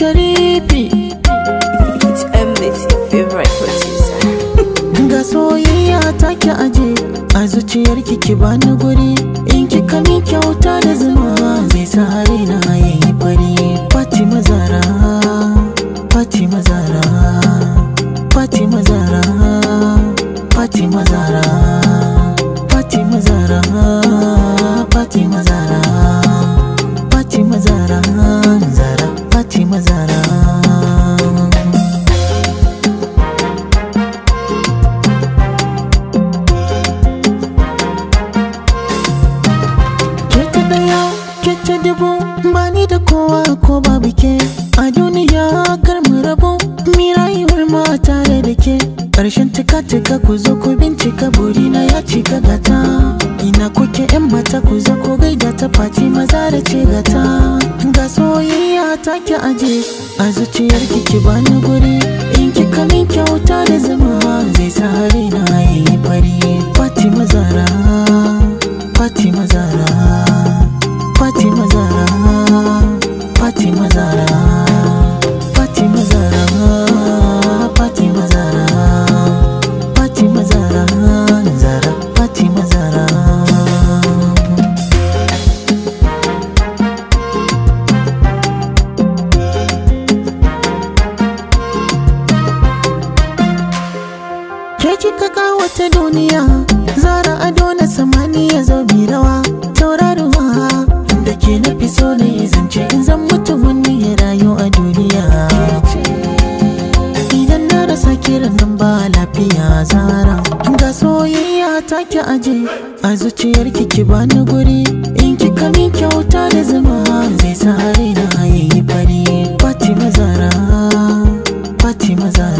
sharifi it's Emily's favorite producer ga soyayya take aje a zuciyar ki bani guri in kika min kyauta da zuma zai sa hari na yayi fari Fatima Zara Fatima Zara Fatima Zara Fatima Zara Fatima Zara Fatima Zara Fatima Zara Zara ɓaci mazana kece dubu ba ni da kowa ko babu ke a duniya kar mu rabu mi rayuwar ma tare da ke ƙarshen cika cika ku zo ku bincika burina ya cika gata ina kuke yan mata ku zo ku gaida ta faci maza da ce gata ga soyayya ta ki aje a zuciyar ki ki bani guri in kika min kyauta da zama zai sa ta duniya zara ado na samani ya zo bi rawa ma da ke na fi so na yi zance in zan mutu wani ya rayu a duniya idan na rasa kiran nan ba lafiya zara ga soyayya ta ki aje a zuciyar ki ki bani guri in ki kami kyauta da zuma zai sa na yayi bari Fatima Zara Fatima Zara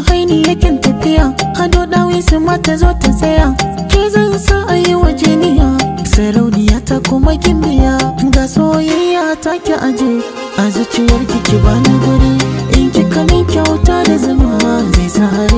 a haini yakin tafiya hado dawi su mata zo ta tsaya ke zan sa a yi wa jiniya sarauniya ta kuma kimbiya ga soyayya ta ki aje a zuciyar ki ki bani guri in ki min kyauta da zama zai sa